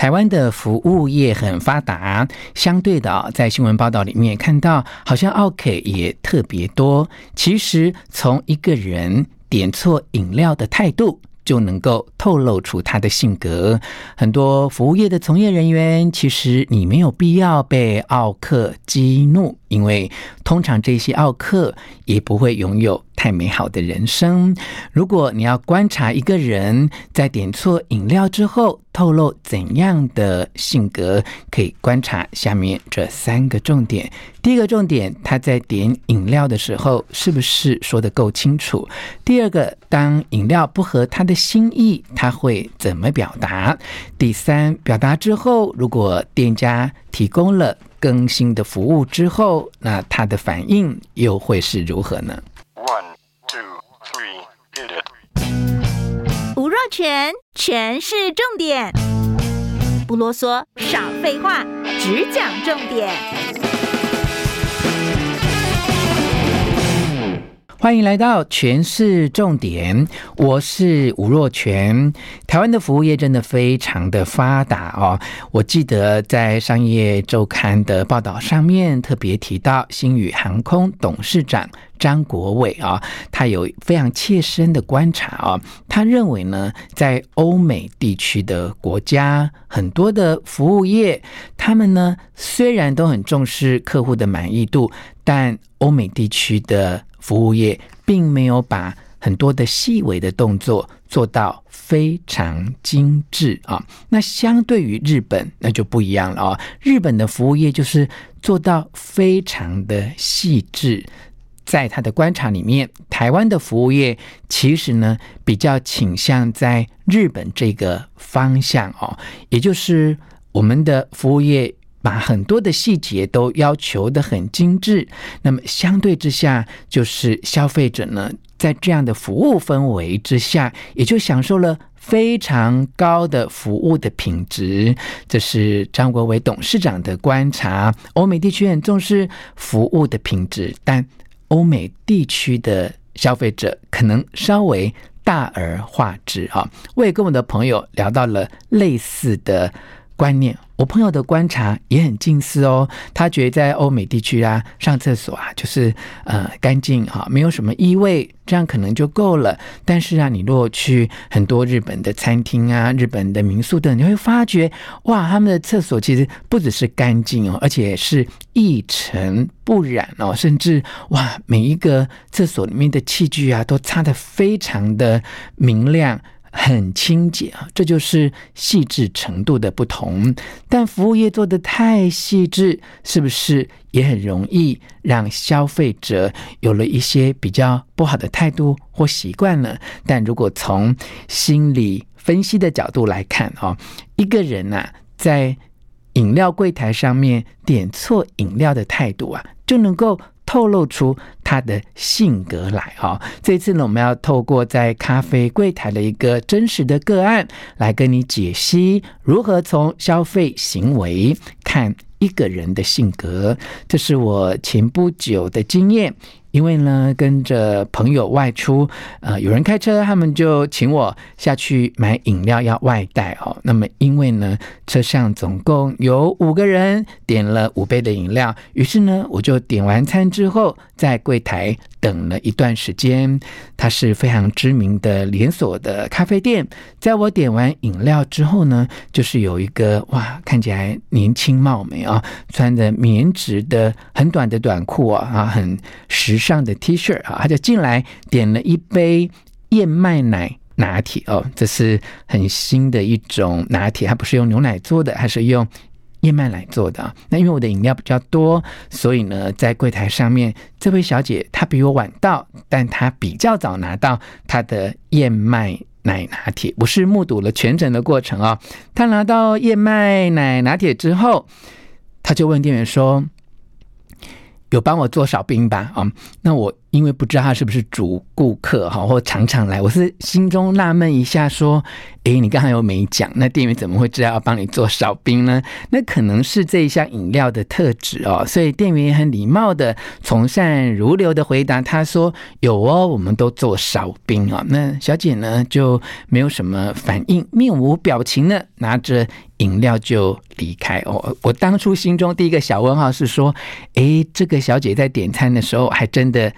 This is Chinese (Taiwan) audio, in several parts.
台灣的服務業很發達，相對的，在新聞報道裡面看到，好像奧客也特別多。其實，從一個人點錯飲料的態度，就能夠透露出他的性格。很多服務業的從業人員，其實你沒有必要被奧客激怒。因為通常這些奧客也不會擁有太美好的人生。如果你要觀察一個人在點錯飲料之後透露怎樣的性格，可以觀察下面這三個重點：第一個重點，他在點飲料的時候是不是說得夠清楚；第二個，當飲料不合他的心意，他會怎麼表達；第三，表達之後，如果店家提供了。更新的服務之後，那他的反應又會是如何呢？One, two, three，吳若權，全是重點，不囉嗦，少廢話，只講重點。歡迎來到《全市重點》，我是吳若權。台灣的服務業真的非常的發達哦，我記得在《商業周刊》的報道上面特別提到星宇航空董事長。張國偉啊，他有非常切身的觀察啊，他認為呢，在歐美地區的國家，很多的服務業，他們呢雖然都很重視客戶的滿意度，但歐美地區的服務業並沒有把很多的細微的動作做到非常精致啊。那相對於日本，那就不一樣了啊。日本的服務業就是做到非常的細緻。在他的觀察裡面，台灣的服務業其實呢，比較傾向在日本這個方向哦，也就是我們的服務業把很多的細節都要求得很精緻。那麼相對之下，就是消費者呢，在這樣的服務氛圍之下，也就享受了非常高的服務的品質。這是張國偉董事長的觀察。歐美地區很重視服務的品質，但歐美地區的消費者可能稍微大而化之哈，我也跟我的朋友聊到了類似的。觀念，我朋友的觀察也很近似哦。他覺得在歐美地區啊，上廁所啊，就是呃乾淨哈、哦，沒有什麼異味，這樣可能就夠了。但是啊，你若去很多日本的餐廳啊、日本的民宿等，你會發覺哇，他們的廁所其實不只是乾淨哦，而且是一塵不染哦，甚至哇，每一個廁所裡面的器具啊，都擦得非常的明亮。很清潔啊，這就是細緻程度的不同。但服務業做得太細緻，是不是也很容易讓消費者有了一些比較不好的態度或習慣了？但如果從心理分析的角度來看，哈，一個人吶、啊，在飲料櫃檯上面點錯飲料的態度啊，就能夠透露出。他的性格來哈、哦，這次呢，我們要透過在咖啡櫃檯的一個真實的個案來跟你解析，如何從消費行為看一個人的性格。這是我前不久的經驗。因為呢，跟着朋友外出，呃，有人開車，他們就請我下去買飲料要外帶哦。那麼，因為呢，車上總共有五個人，點了五杯的飲料，於是呢，我就點完餐之後，在櫃檯等了一段時間。它是非常知名的連鎖的咖啡店。在我點完飲料之後呢，就是有一個哇，看起來年輕貌美啊，穿着棉質的很短的短褲啊啊，很時尚的。上的 T 恤啊，他就進來點了一杯燕麥奶拿鐵哦，這是很新的一種拿鐵，它不是用牛奶做的，還是用燕麥奶做的。那因為我的飲料比較多，所以呢，在櫃檯上面，這位小姐她比我晚到，但她比較早拿到她的燕麥奶拿鐵，我是目睹了全程的過程哦。她拿到燕麥奶拿鐵之後，她就問店員說。有幫我做小兵吧？啊，那我。因為不知道他是不是主顧客哈，或常常來，我是心中納悶一下，說：“誒，你剛才又沒講，那店員怎麼會知道要幫你做少冰呢？”那可能是這一項飲料的特質哦，所以店員也很禮貌的從善如流的回答，他說：“有哦，我們都做少冰哦。”那小姐呢就沒有什麼反應，面無表情的拿着飲料就離開哦。我當初心中第一個小問號是說：“誒，這個小姐在點餐的時候還真的。”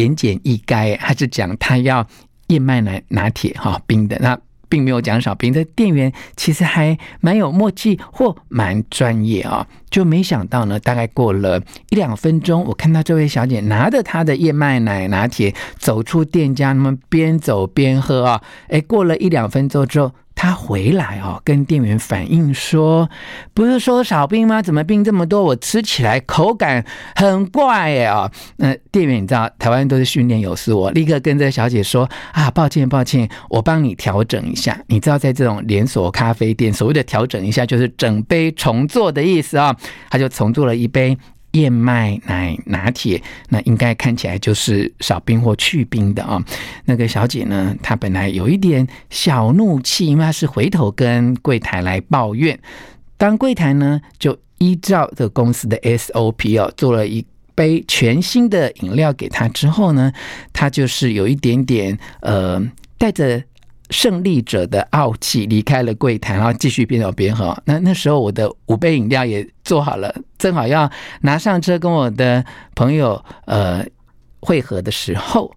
言簡意賅，還是講他要燕麥奶拿鐵哈、哦、冰的，那並沒有講少冰的。這店員其實還蠻有默契或蠻專業啊、哦，就沒想到呢，大概過了一兩分鐘，我看到這位小姐拿着她的燕麥奶拿鐵走出店家，那麼邊走邊喝啊、哦，哎、欸，過了一兩分鐘之後。他回來哦，跟店員反映說：“不是說少冰嗎？怎麼冰這麼多？我吃起來口感很怪、欸、哦，那店員，你知道台灣都是訓練有素，我立刻跟這個小姐說：“啊，抱歉抱歉，我幫你調整一下。”你知道在這種連鎖咖啡店，所謂的調整一下，就是整杯重做的意思啊、哦。他就重做了一杯。燕麥奶拿鐵，那應該看起來就是少冰或去冰的啊、哦。那個小姐呢，她本來有一點小怒氣，因為她是回頭跟櫃檯來抱怨。當櫃檯呢，就依照這個公司的 SOP 哦，做了一杯全新的飲料給她之後呢，她就是有一點點呃，帶着。勝利者的傲氣離開了櫃檯，然後繼續邊走邊喝。那那時候我的五杯飲料也做好了，正好要拿上車跟我的朋友呃會合的時候，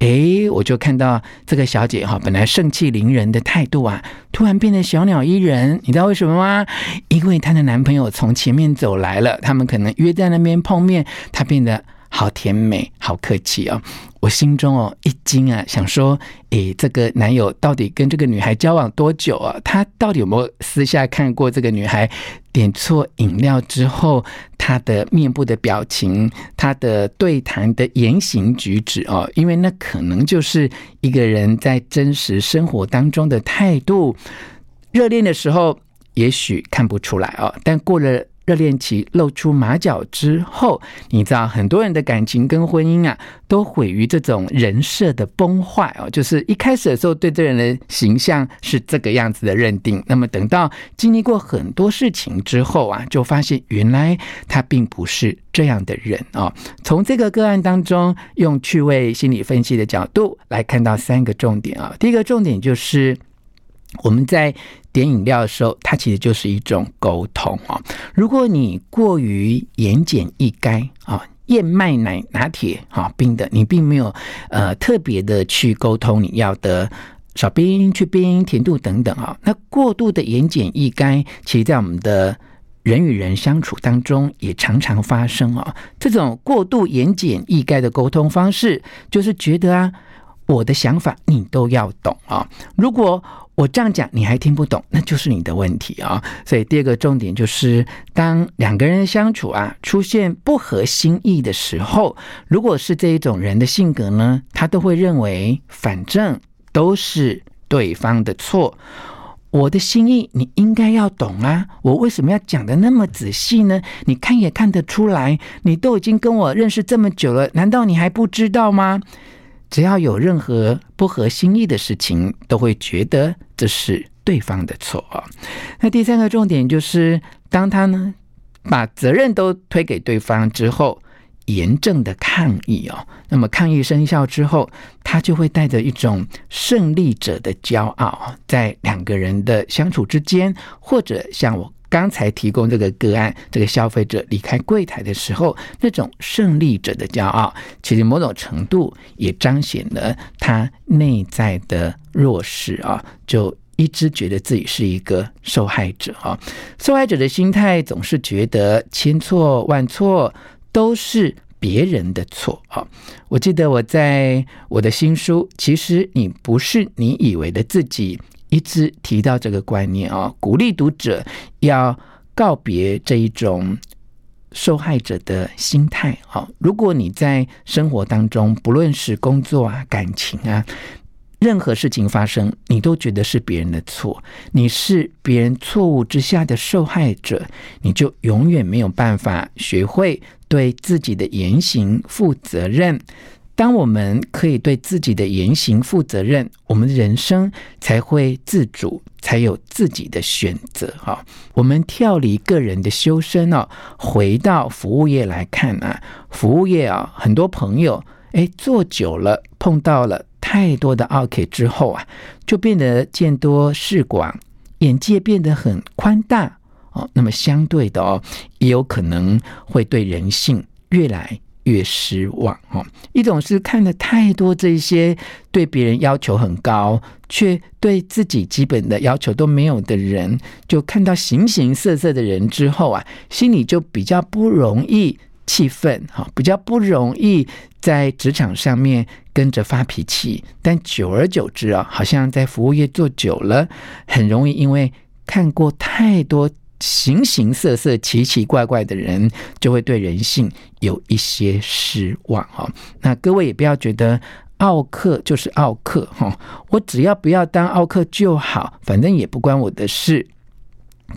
哎、欸，我就看到這個小姐哈，本來盛氣凌人的態度啊，突然變得小鳥依人。你知道為什麼嗎？因為她的男朋友從前面走來了，他們可能約在那邊碰面，她變得好甜美好客氣哦。我心中哦一驚啊，想說，誒，這個男友到底跟這個女孩交往多久啊？他到底有沒有私下看過這個女孩點錯飲料之後她的面部的表情、她的對談的言行舉止哦、啊？因為那可能就是一個人在真實生活當中的態度。熱戀的時候也許看不出來哦、啊，但過了。熱戀期露出馬腳之後，你知道很多人的感情跟婚姻啊，都毀於這種人設的崩壞哦。就是一開始的時候，對這人的形象是這個樣子的認定，那麼等到經歷過很多事情之後啊，就發現原來他並不是這樣的人啊、哦。從這個個案當中，用趣味心理分析的角度來看到三個重點啊、哦。第一個重點就是。我們在點飲料的時候，它其實就是一種溝通啊、哦。如果你過於言簡意賅啊，燕麥奶拿鐵、哦、冰的，你並沒有呃特別的去溝通你要的少冰、去冰、甜度等等啊、哦。那過度的言簡意賅，其實在我們的人與人相處當中也常常發生啊、哦。這種過度言簡意賅的溝通方式，就是覺得啊。我的想法你都要懂啊！如果我這樣講你還聽不懂，那就是你的問題啊！所以第二個重點就是，當兩個人相處啊，出現不合心意的時候，如果是這一種人的性格呢，他都會認為反正都是對方的錯。我的心意你應該要懂啊！我為什麼要講得那麼仔細呢？你看也看得出來，你都已經跟我認識這麼久了，難道你還不知道嗎？只要有任何不合心意的事情，都會覺得這是對方的錯哦。那第三個重點就是，當他呢把責任都推給對方之後，嚴正的抗議哦。那麼抗議生效之後，他就會帶着一種勝利者的驕傲，在兩個人的相處之間，或者像我。剛才提供這個個案，這個消費者離開櫃檯的時候，那種勝利者的驕傲，其實某種程度也彰顯了他內在的弱勢啊。就一直覺得自己是一個受害者啊，受害者的心態總是覺得千錯萬錯都是別人的錯啊。我記得我在我的新書《其實你不是你以為的自己》。一直提到這個觀念啊，鼓勵讀者要告別這一種受害者的心態。如果你在生活當中，不論是工作啊、感情啊，任何事情發生，你都覺得是別人的錯，你是別人錯誤之下的受害者，你就永遠沒有辦法學會對自己的言行負責任。當我們可以對自己的言行負責任，我們的人生才會自主，才有自己的選擇。哈，我們跳離個人的修身哦，回到服務業來看啊，服務業啊，很多朋友哎，做久了，碰到了太多的奧客之後啊，就變得見多識廣，眼界變得很寬大哦。那麼相對的哦，也有可能會對人性越來。越失望。一種是看了太多這些對別人要求很高，卻對自己基本的要求都沒有的人，就看到形形色色的人之後啊，心裡就比較不容易氣憤哈，比較不容易在職場上面跟着發脾氣。但久而久之啊，好像在服務業做久了，很容易因為看過太多。形形色色、奇奇怪怪的人，就會對人性有一些失望啊、哦！那各位也不要覺得奧客就是奧客哈、哦，我只要不要當奧客就好，反正也不關我的事。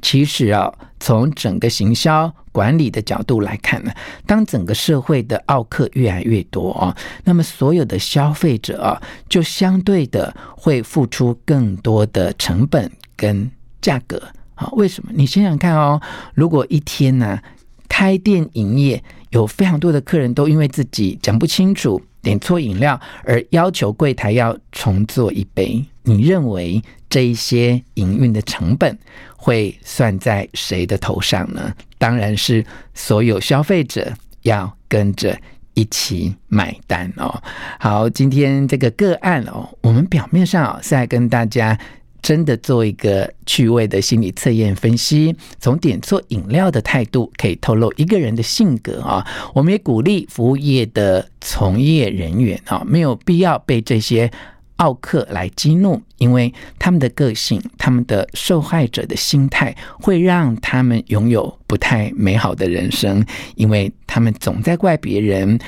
其實啊、哦，從整個行銷管理的角度來看呢，當整個社會的奧客越來越多啊、哦，那麼所有的消費者啊、哦，就相對的會付出更多的成本跟價格。為什麼？你想想看哦，如果一天呢、啊，開店營業有非常多的客人都因為自己講不清楚點錯飲料而要求櫃台要重做一杯，你認為這一些營運的成本會算在誰的頭上呢？當然是所有消費者要跟着一起買單哦。好，今天這個個案哦，我們表面上哦是在跟大家。真的做一個趣味的心理測驗分析，從點錯飲料的態度可以透露一個人的性格啊。我們也鼓勵服務業的從業人員啊，沒有必要被這些。奧客來激怒，因為他們的個性、他們的受害者的心態，會讓他們擁有不太美好的人生，因為他們總在怪別人，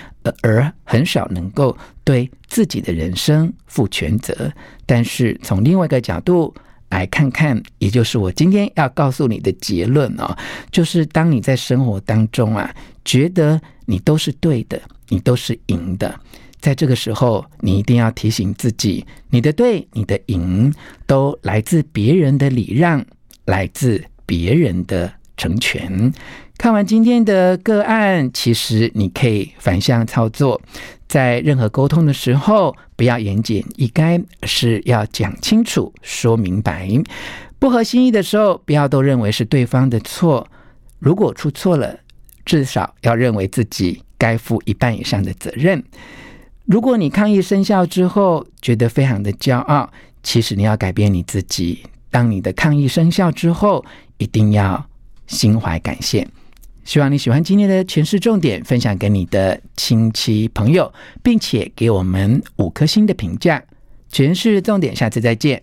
而很少能夠對自己的人生負全責。但是從另外一個角度來看看，也就是我今天要告訴你的結論哦，就是當你在生活當中啊，覺得你都是對的，你都是贏的。在這個時候，你一定要提醒自己，你的對、你的贏，都來自別人的禮讓，來自別人的成全。看完今天的個案，其實你可以反向操作，在任何溝通的時候，不要言簡意賅，是要講清楚、說明白。不合心意的時候，不要都認為是對方的錯。如果出錯了，至少要認為自己該負一半以上的責任。如果你抗議生效之後覺得非常的驕傲，其實你要改變你自己。當你的抗議生效之後，一定要心懷感謝。希望你喜歡今天的詮釋重點，分享給你的親戚朋友，並且給我們五顆星的評價。詮釋重點，下次再見。